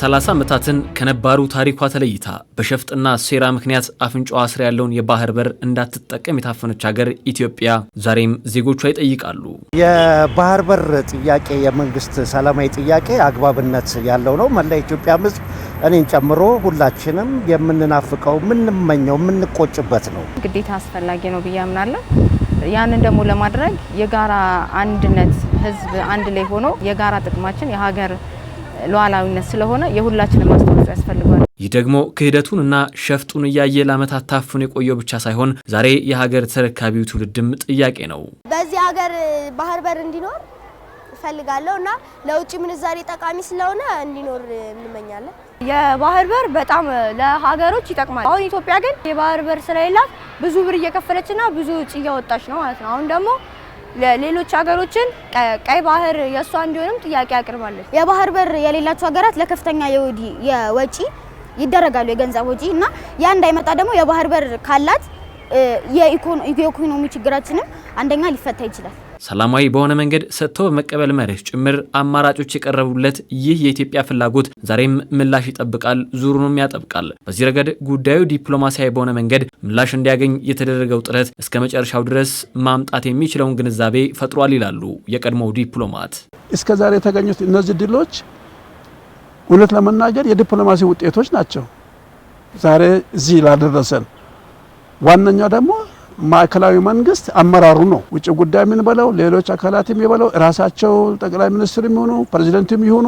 30 ዓመታትን ከነባሩ ታሪኳ ተለይታ በሸፍጥና ሴራ ምክንያት አፍንጫዋ ስር ያለውን የባህር በር እንዳትጠቀም የታፈነች ሀገር ኢትዮጵያ ዛሬም ዜጎቿ ይጠይቃሉ። የባህር በር ጥያቄ የመንግስት ሰላማዊ ጥያቄ አግባብነት ያለው ነው። መላ ኢትዮጵያ ሕዝብ እኔን ጨምሮ ሁላችንም የምንናፍቀው፣ የምንመኘው፣ የምንቆጭበት ነው። ግዴታ አስፈላጊ ነው ብዬ አምናለሁ። ያንን ደግሞ ለማድረግ የጋራ አንድነት ሕዝብ አንድ ላይ ሆኖ የጋራ ጥቅማችን የሀገር ሉዓላዊነት ስለሆነ የሁላችንም አስተዋጽኦ ያስፈልገዋል። ይህ ደግሞ ክህደቱንና ሸፍጡን እያየ ለዓመታት ታፍኖ የቆየው ብቻ ሳይሆን ዛሬ የሀገር ተረካቢው ትውልድም ጥያቄ ነው። በዚህ ሀገር ባህር በር እንዲኖር እፈልጋለሁ እና ለውጭ ምንዛሬ ጠቃሚ ስለሆነ እንዲኖር እንመኛለን። የባህር በር በጣም ለሀገሮች ይጠቅማል። አሁን ኢትዮጵያ ግን የባህር በር ስለሌላት ብዙ ብር እየከፈለችና ብዙ ውጭ እያወጣች ነው ማለት ነው። አሁን ደግሞ ለሌሎች ሀገሮችን ቀይ ባህር የእሷ እንዲሆንም ጥያቄ አቅርባለች። የባህር በር የሌላቸው ሀገራት ለከፍተኛ የወጪ ይደረጋሉ የገንዘብ ወጪ እና ያ እንዳይመጣ ደግሞ የባህር በር ካላት የኢኮኖሚ ችግራችንም አንደኛ ሊፈታ ይችላል። ሰላማዊ በሆነ መንገድ ሰጥቶ በመቀበል መርህ ጭምር አማራጮች የቀረቡለት ይህ የኢትዮጵያ ፍላጎት ዛሬም ምላሽ ይጠብቃል፣ ዙሩንም ያጠብቃል። በዚህ ረገድ ጉዳዩ ዲፕሎማሲያዊ በሆነ መንገድ ምላሽ እንዲያገኝ የተደረገው ጥረት እስከ መጨረሻው ድረስ ማምጣት የሚችለውን ግንዛቤ ፈጥሯል ይላሉ የቀድሞው ዲፕሎማት። እስከ ዛሬ የተገኙት እነዚህ ድሎች እውነት ለመናገር የዲፕሎማሲ ውጤቶች ናቸው ዛሬ እዚህ ላደረሰን ዋነኛው ደግሞ ማዕከላዊ መንግስት አመራሩ ነው። ውጭ ጉዳይ ምን በለው ሌሎች አካላትም የበለው ራሳቸው ጠቅላይ ሚኒስትር የሚሆኑ ፕሬዚደንትም ይሆኑ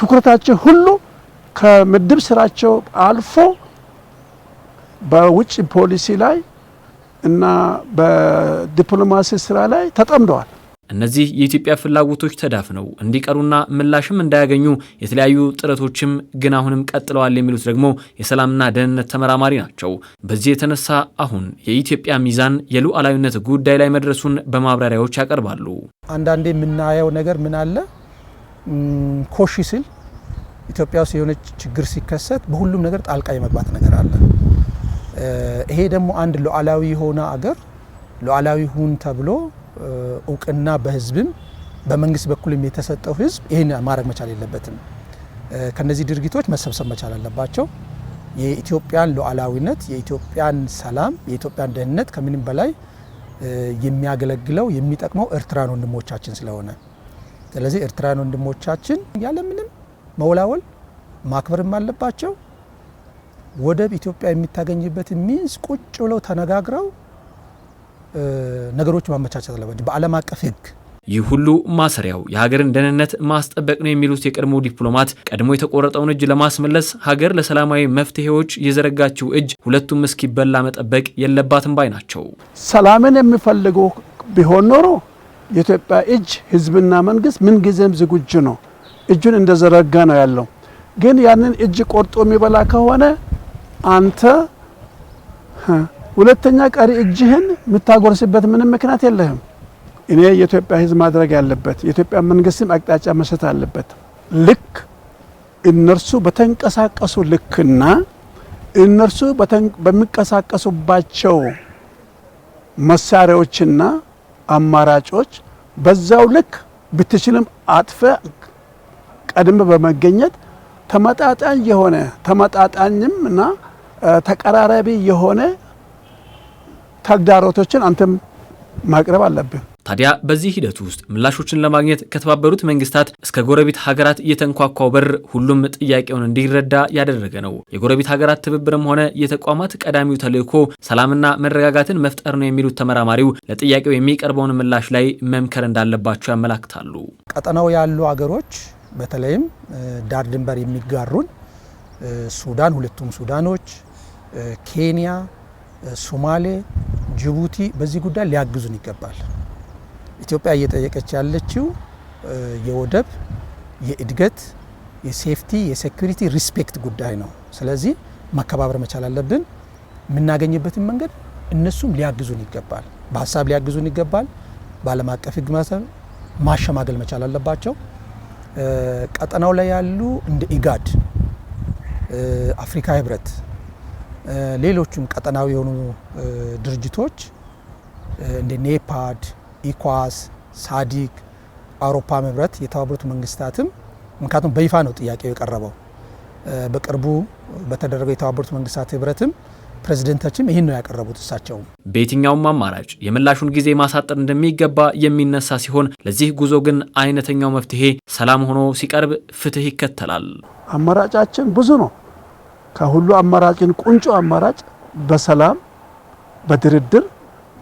ትኩረታቸው ሁሉ ከምድብ ስራቸው አልፎ በውጭ ፖሊሲ ላይ እና በዲፕሎማሲ ስራ ላይ ተጠምደዋል። እነዚህ የኢትዮጵያ ፍላጎቶች ተዳፍነው እንዲቀሩና ምላሽም እንዳያገኙ የተለያዩ ጥረቶችም ግን አሁንም ቀጥለዋል የሚሉት ደግሞ የሰላምና ደህንነት ተመራማሪ ናቸው። በዚህ የተነሳ አሁን የኢትዮጵያ ሚዛን የሉዓላዊነት ጉዳይ ላይ መድረሱን በማብራሪያዎች ያቀርባሉ። አንዳንዴ የምናየው ነገር ምን አለ ኮሺ ሲል ኢትዮጵያ ውስጥ የሆነ ችግር ሲከሰት በሁሉም ነገር ጣልቃ የመግባት ነገር አለ። ይሄ ደግሞ አንድ ሉዓላዊ የሆነ አገር ሉዓላዊ ሁን ተብሎ እውቅና በህዝብም በመንግስት በኩልም የተሰጠው ህዝብ ይህን ማድረግ መቻል የለበትም። ከነዚህ ድርጊቶች መሰብሰብ መቻል አለባቸው። የኢትዮጵያን ሉዓላዊነት፣ የኢትዮጵያን ሰላም፣ የኢትዮጵያን ደህንነት ከምንም በላይ የሚያገለግለው የሚጠቅመው ኤርትራን ወንድሞቻችን ስለሆነ ስለዚህ ኤርትራን ወንድሞቻችን ያለምንም መወላወል ማክበርም አለባቸው። ወደብ ኢትዮጵያ የሚታገኝበት ሚንስ ቁጭ ብለው ተነጋግረው ነገሮች ማመቻቸት አለባቸው በዓለም አቀፍ ህግ ይህ ሁሉ ማሰሪያው የሀገርን ደህንነት ማስጠበቅ ነው የሚሉት የቀድሞ ዲፕሎማት ቀድሞ የተቆረጠውን እጅ ለማስመለስ ሀገር ለሰላማዊ መፍትሄዎች የዘረጋችው እጅ ሁለቱም እስኪበላ መጠበቅ የለባትም ባይ ናቸው። ሰላምን የሚፈልጉ ቢሆን ኖሮ የኢትዮጵያ እጅ ህዝብና መንግስት ምንጊዜም ዝግጁ ነው፣ እጁን እንደዘረጋ ነው ያለው። ግን ያንን እጅ ቆርጦ የሚበላ ከሆነ አንተ ሁለተኛ ቀሪ እጅህን የምታጎርስበት ምንም ምክንያት የለህም። እኔ የኢትዮጵያ ህዝብ ማድረግ ያለበት የኢትዮጵያ መንግስትም አቅጣጫ መስጠት አለበት። ልክ እነርሱ በተንቀሳቀሱ ልክና እነርሱ በሚንቀሳቀሱባቸው መሳሪያዎችና አማራጮች በዛው ልክ ብትችልም አጥፈ ቀድም በመገኘት ተመጣጣኝ የሆነ ተመጣጣኝም እና ተቀራራቢ የሆነ ተግዳሮቶችን አንተም ማቅረብ አለብን። ታዲያ በዚህ ሂደት ውስጥ ምላሾችን ለማግኘት ከተባበሩት መንግስታት እስከ ጎረቤት ሀገራት እየተንኳኳው በር ሁሉም ጥያቄውን እንዲረዳ ያደረገ ነው። የጎረቤት ሀገራት ትብብርም ሆነ የተቋማት ቀዳሚው ተልእኮ ሰላምና መረጋጋትን መፍጠር ነው የሚሉት ተመራማሪው ለጥያቄው የሚቀርበውን ምላሽ ላይ መምከር እንዳለባቸው ያመላክታሉ። ቀጠናው ያሉ አገሮች በተለይም ዳር ድንበር የሚጋሩን ሱዳን፣ ሁለቱም ሱዳኖች፣ ኬንያ፣ ሶማሌ ጅቡቲ በዚህ ጉዳይ ሊያግዙን ይገባል። ኢትዮጵያ እየጠየቀች ያለችው የወደብ የእድገት የሴፍቲ የሴኩሪቲ ሪስፔክት ጉዳይ ነው። ስለዚህ መከባበር መቻል አለብን። የምናገኝበትን መንገድ እነሱም ሊያግዙን ይገባል፣ በሀሳብ ሊያግዙን ይገባል። በዓለም አቀፍ ሕግ ማሸማገል መቻል አለባቸው። ቀጠናው ላይ ያሉ እንደ ኢጋድ አፍሪካ ህብረት ሌሎችም ቀጠናዊ የሆኑ ድርጅቶች እንደ ኔፓድ፣ ኢኳስ፣ ሳዲክ አውሮፓ ህብረት፣ የተባበሩት መንግስታትም ምክንያቱም በይፋ ነው ጥያቄው የቀረበው። በቅርቡ በተደረገው የተባበሩት መንግስታት ህብረትም ፕሬዚደንታችን ይህን ነው ያቀረቡት። እሳቸው በየትኛውም አማራጭ የምላሹን ጊዜ ማሳጠር እንደሚገባ የሚነሳ ሲሆን ለዚህ ጉዞ ግን አይነተኛው መፍትሄ ሰላም ሆኖ ሲቀርብ ፍትህ ይከተላል። አማራጫችን ብዙ ነው። ከሁሉ አማራጭን ቁንጮ አማራጭ በሰላም በድርድር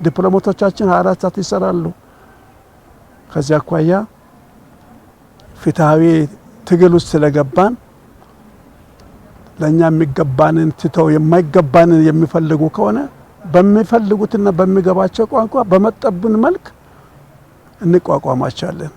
ዲፕሎማቶቻችን አራት ሰዓት ይሰራሉ። ከዚያ አኳያ ፍትሐዊ ትግል ውስጥ ስለገባን ለእኛ የሚገባንን ትተው የማይገባንን የሚፈልጉ ከሆነ በሚፈልጉትና በሚገባቸው ቋንቋ በመጠብን መልክ እንቋቋማቸዋለን።